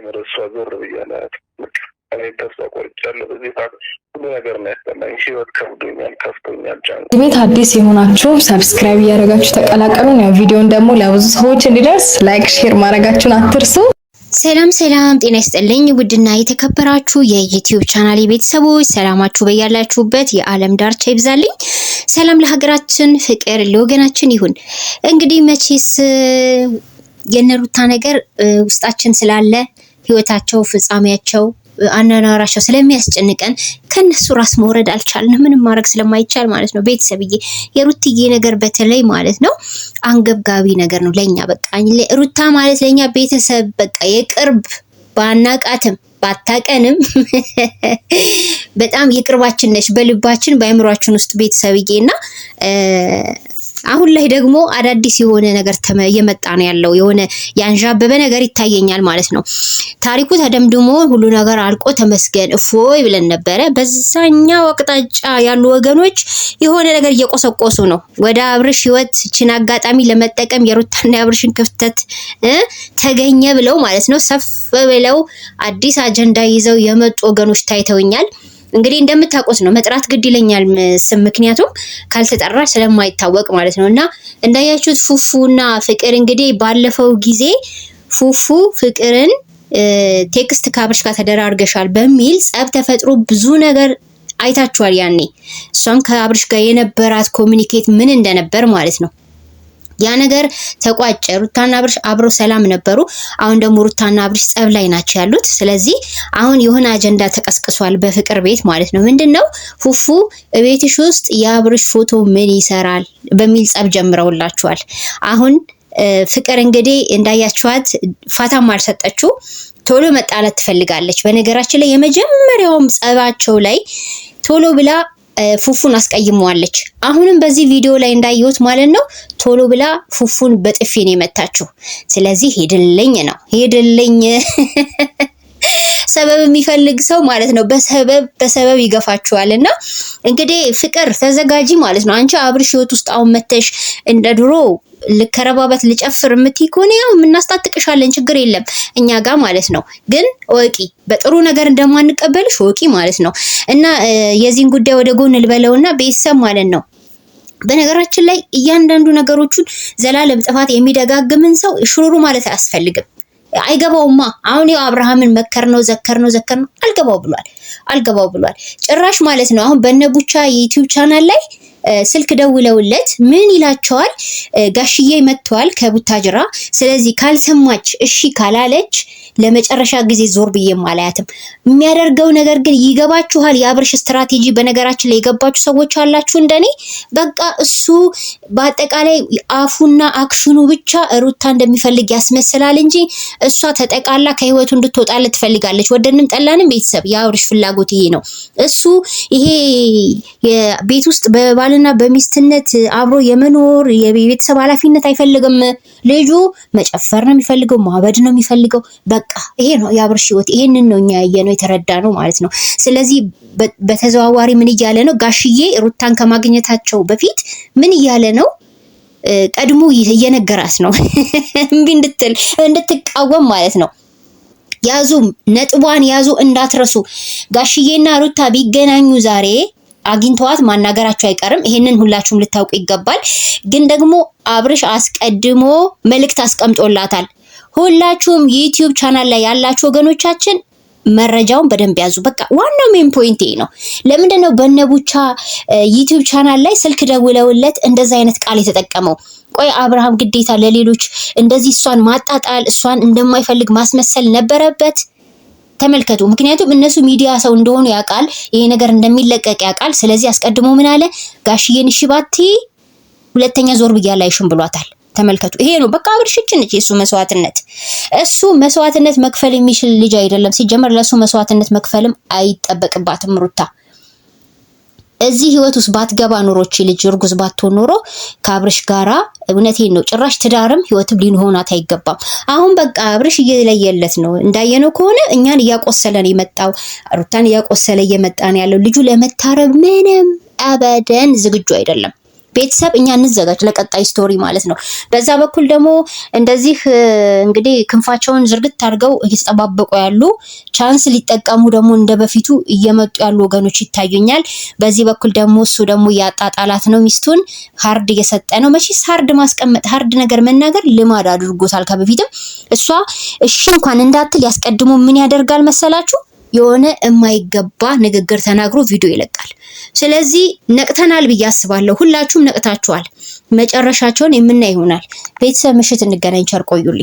ሀገራችን ረሷ ዞር ብያላት ተስፋ ቆርጫለሁ። በዚህ ሰዓት ሁሉ ነገር ነው ያስጠላኝ። ህይወት ከብዶኛል፣ ከፍቶኛል። ጫንቁ ቤት አዲስ የሆናችሁ ሰብስክራይብ እያደረጋችሁ ተቀላቀሉን። ያው ቪዲዮን ደግሞ ለብዙ ሰዎች እንዲደርስ ላይክ፣ ሼር ማድረጋችሁን አትርሱ። ሰላም ሰላም፣ ጤና ይስጥልኝ ውድና የተከበራችሁ የዩቲዩብ ቻናል ቤተሰቦች ሰላማችሁ በያላችሁበት የዓለም ዳርቻ ይብዛልኝ። ሰላም ለሀገራችን፣ ፍቅር ለወገናችን ይሁን። እንግዲህ መቼስ የነሩታ ነገር ውስጣችን ስላለ ህይወታቸው፣ ፍጻሜያቸው፣ አኗኗራቸው ስለሚያስጨንቀን ከነሱ ራስ መውረድ አልቻልን። ምንም ማድረግ ስለማይቻል ማለት ነው። ቤተሰብዬ የሩትዬ ነገር በተለይ ማለት ነው አንገብጋቢ ነገር ነው ለኛ። በቃ ሩታ ማለት ለኛ ቤተሰብ በቃ የቅርብ ባናቃትም ባታቀንም በጣም የቅርባችን ነች፣ በልባችን በአእምሯችን ውስጥ ቤተሰብዬ እና አሁን ላይ ደግሞ አዳዲስ የሆነ ነገር እየመጣ ነው ያለው። የሆነ ያንዣበበ ነገር ይታየኛል ማለት ነው። ታሪኩ ተደምድሞ ሁሉ ነገር አልቆ ተመስገን እፎይ ብለን ነበረ። በዛኛው አቅጣጫ ያሉ ወገኖች የሆነ ነገር እየቆሰቆሱ ነው ወደ አብርሽ ሕይወት ይችን አጋጣሚ ለመጠቀም የሩታና የአብርሽን ክፍተት ተገኘ ብለው ማለት ነው ሰፍ ብለው አዲስ አጀንዳ ይዘው የመጡ ወገኖች ታይተውኛል። እንግዲህ እንደምታውቁት ነው መጥራት ግድ ይለኛል ስም ምክንያቱም ካልተጠራ ስለማይታወቅ ማለት ነው። እና እንዳያችሁት ፉፉና ፍቅር እንግዲህ ባለፈው ጊዜ ፉፉ ፍቅርን ቴክስት ካብርሽ ጋር ተደራርገሻል በሚል ጸብ ተፈጥሮ ብዙ ነገር አይታችኋል። ያኔ እሷም ከአብርሽ ጋር የነበራት ኮሚኒኬት ምን እንደነበር ማለት ነው። ያ ነገር ተቋጨ። ሩታና አብርሽ አብረው ሰላም ነበሩ። አሁን ደግሞ ሩታና አብርሽ ጸብ ላይ ናቸው ያሉት። ስለዚህ አሁን የሆነ አጀንዳ ተቀስቅሷል በፍቅር ቤት ማለት ነው። ምንድነው ፉፉ ቤትሽ ውስጥ የአብርሽ ፎቶ ምን ይሰራል በሚል ጸብ ጀምረውላችኋል። አሁን ፍቅር እንግዲህ እንዳያችኋት ፋታም አልሰጠችው ቶሎ መጣላት ትፈልጋለች። በነገራችን ላይ የመጀመሪያውም ጸባቸው ላይ ቶሎ ብላ ፉፉን አስቀይመዋለች። አሁንም በዚህ ቪዲዮ ላይ እንዳየሁት ማለት ነው ቶሎ ብላ ፉፉን በጥፊ ነው የመታችሁ። ስለዚህ ሄድልኝ ነው ሄድልኝ። ሰበብ የሚፈልግ ሰው ማለት ነው በሰበብ በሰበብ ይገፋችኋልና እንግዲህ ፍቅር ተዘጋጂ ማለት ነው። አንቺ አብርሽ ህይወት ውስጥ አሁን መተሽ እንደ ድሮ ልከረባበት ልጨፍር የምትይ ከሆነ ያው የምናስታጥቅሻለን፣ ችግር የለም እኛ ጋር ማለት ነው። ግን ወቂ በጥሩ ነገር እንደማንቀበልሽ ወቂ ማለት ነው። እና የዚህን ጉዳይ ወደ ጎን ልበለውና ቤተሰብ ማለት ነው በነገራችን ላይ እያንዳንዱ ነገሮቹን ዘላለም ጥፋት የሚደጋግምን ሰው ሽሩሩ ማለት አያስፈልግም። አይገባውማ። አሁን ያው አብርሃምን መከር ነው ዘከር ነው ዘከር ነው አልገባው ብሏል፣ አልገባው ብሏል። ጭራሽ ማለት ነው አሁን በነቡቻ የዩቲዩብ ቻናል ላይ ስልክ ደውለውለት ምን ይላቸዋል? ጋሽዬ መጥተዋል ከቡታጅራ። ስለዚህ ካልሰማች እሺ ካላለች ለመጨረሻ ጊዜ ዞር ብዬም አላያትም። የሚያደርገው ነገር ግን ይገባችኋል። የአብርሽ ስትራቴጂ በነገራችን ላይ የገባችሁ ሰዎች አላችሁ እንደኔ። በቃ እሱ በአጠቃላይ አፉና አክሽኑ ብቻ ሩታ እንደሚፈልግ ያስመስላል እንጂ እሷ ተጠቃላ ከህይወቱ እንድትወጣለት ትፈልጋለች። ወደንም ጠላንም ቤተሰብ የአብርሽ ፍላጎት ይሄ ነው። እሱ ይሄ ቤት ውስጥ በባልና በሚስትነት አብሮ የመኖር የቤተሰብ ኃላፊነት አይፈልግም። ልጁ መጨፈር ነው የሚፈልገው፣ ማበድ ነው የሚፈልገው በቃ በቃ ይሄ ነው የአብርሽ ህይወት። ይሄንን ነው እኛ የተረዳ ነው ማለት ነው። ስለዚህ በተዘዋዋሪ ምን እያለ ነው ጋሽዬ ሩታን ከማግኘታቸው በፊት ምን እያለ ነው? ቀድሞ እየነገራት ነው እምቢ እንድትል እንድትቃወም ማለት ነው። ያዙ ነጥቧን ያዙ እንዳትረሱ። ጋሽዬና ሩታ ቢገናኙ ዛሬ አግኝተዋት ማናገራቸው አይቀርም። ይሄንን ሁላችሁም ልታውቁ ይገባል። ግን ደግሞ አብርሽ አስቀድሞ መልእክት አስቀምጦላታል። ሁላችሁም ዩቲዩብ ቻናል ላይ ያላችሁ ወገኖቻችን መረጃውን በደንብ ያዙ። በቃ ዋናው ሜን ፖይንት ነው። ለምንድን ነው በነቡቻ ዩቲዩብ ቻናል ላይ ስልክ ደውለውለት እንደዛ አይነት ቃል የተጠቀመው? ቆይ አብርሃም ግዴታ ለሌሎች እንደዚህ እሷን ማጣጣል እሷን እንደማይፈልግ ማስመሰል ነበረበት? ተመልከቱ። ምክንያቱም እነሱ ሚዲያ ሰው እንደሆኑ ያውቃል፣ ይሄ ነገር እንደሚለቀቅ ያውቃል። ስለዚህ አስቀድሞ ምን አለ? ጋሽዬን እሺ ባቲ ሁለተኛ ዞር ብያ ላይሽም ብሏታል። ተመልከቱ። ይሄ ነው በቃ አብርሽ ነች የሱ መስዋዕትነት። እሱ መስዋዕትነት መክፈል የሚችል ልጅ አይደለም። ሲጀመር ለሱ መስዋዕትነት መክፈልም አይጠበቅባትም ሩታ እዚህ ህይወት ውስጥ ባትገባ ኖሮች ልጅ እርጉዝ ባትሆን ኖሮ ከአብርሽ ጋራ እውነቴን ነው ጭራሽ ትዳርም ህይወትም ሊሆናት አይገባም። አሁን በቃ አብርሽ እየለየለት ነው እንዳየነው ከሆነ እኛን እያቆሰለን የመጣው ሩታን እያቆሰለ እየመጣ ነው ያለው ልጁ ለመታረብ ምንም አበደን ዝግጁ አይደለም። ቤተሰብ እኛ እንዘጋጅ ለቀጣይ ስቶሪ ማለት ነው። በዛ በኩል ደግሞ እንደዚህ እንግዲህ ክንፋቸውን ዝርግት አድርገው እየተጠባበቁ ያሉ ቻንስ ሊጠቀሙ ደግሞ እንደ በፊቱ እየመጡ ያሉ ወገኖች ይታዩኛል። በዚህ በኩል ደግሞ እሱ ደግሞ እያጣጣላት ነው፣ ሚስቱን ሀርድ እየሰጠ ነው። መቼስ ሀርድ ማስቀመጥ ሀርድ ነገር መናገር ልማድ አድርጎታል ከበፊትም። እሷ እሺ እንኳን እንዳትል ያስቀድሞ ምን ያደርጋል መሰላችሁ የሆነ የማይገባ ንግግር ተናግሮ ቪዲዮ ይለቃል። ስለዚህ ነቅተናል ብዬ አስባለሁ። ሁላችሁም ነቅታችኋል። መጨረሻቸውን የምናይ ይሆናል። ቤተሰብ ምሽት እንገናኝ። ቸር ቆዩልኝ።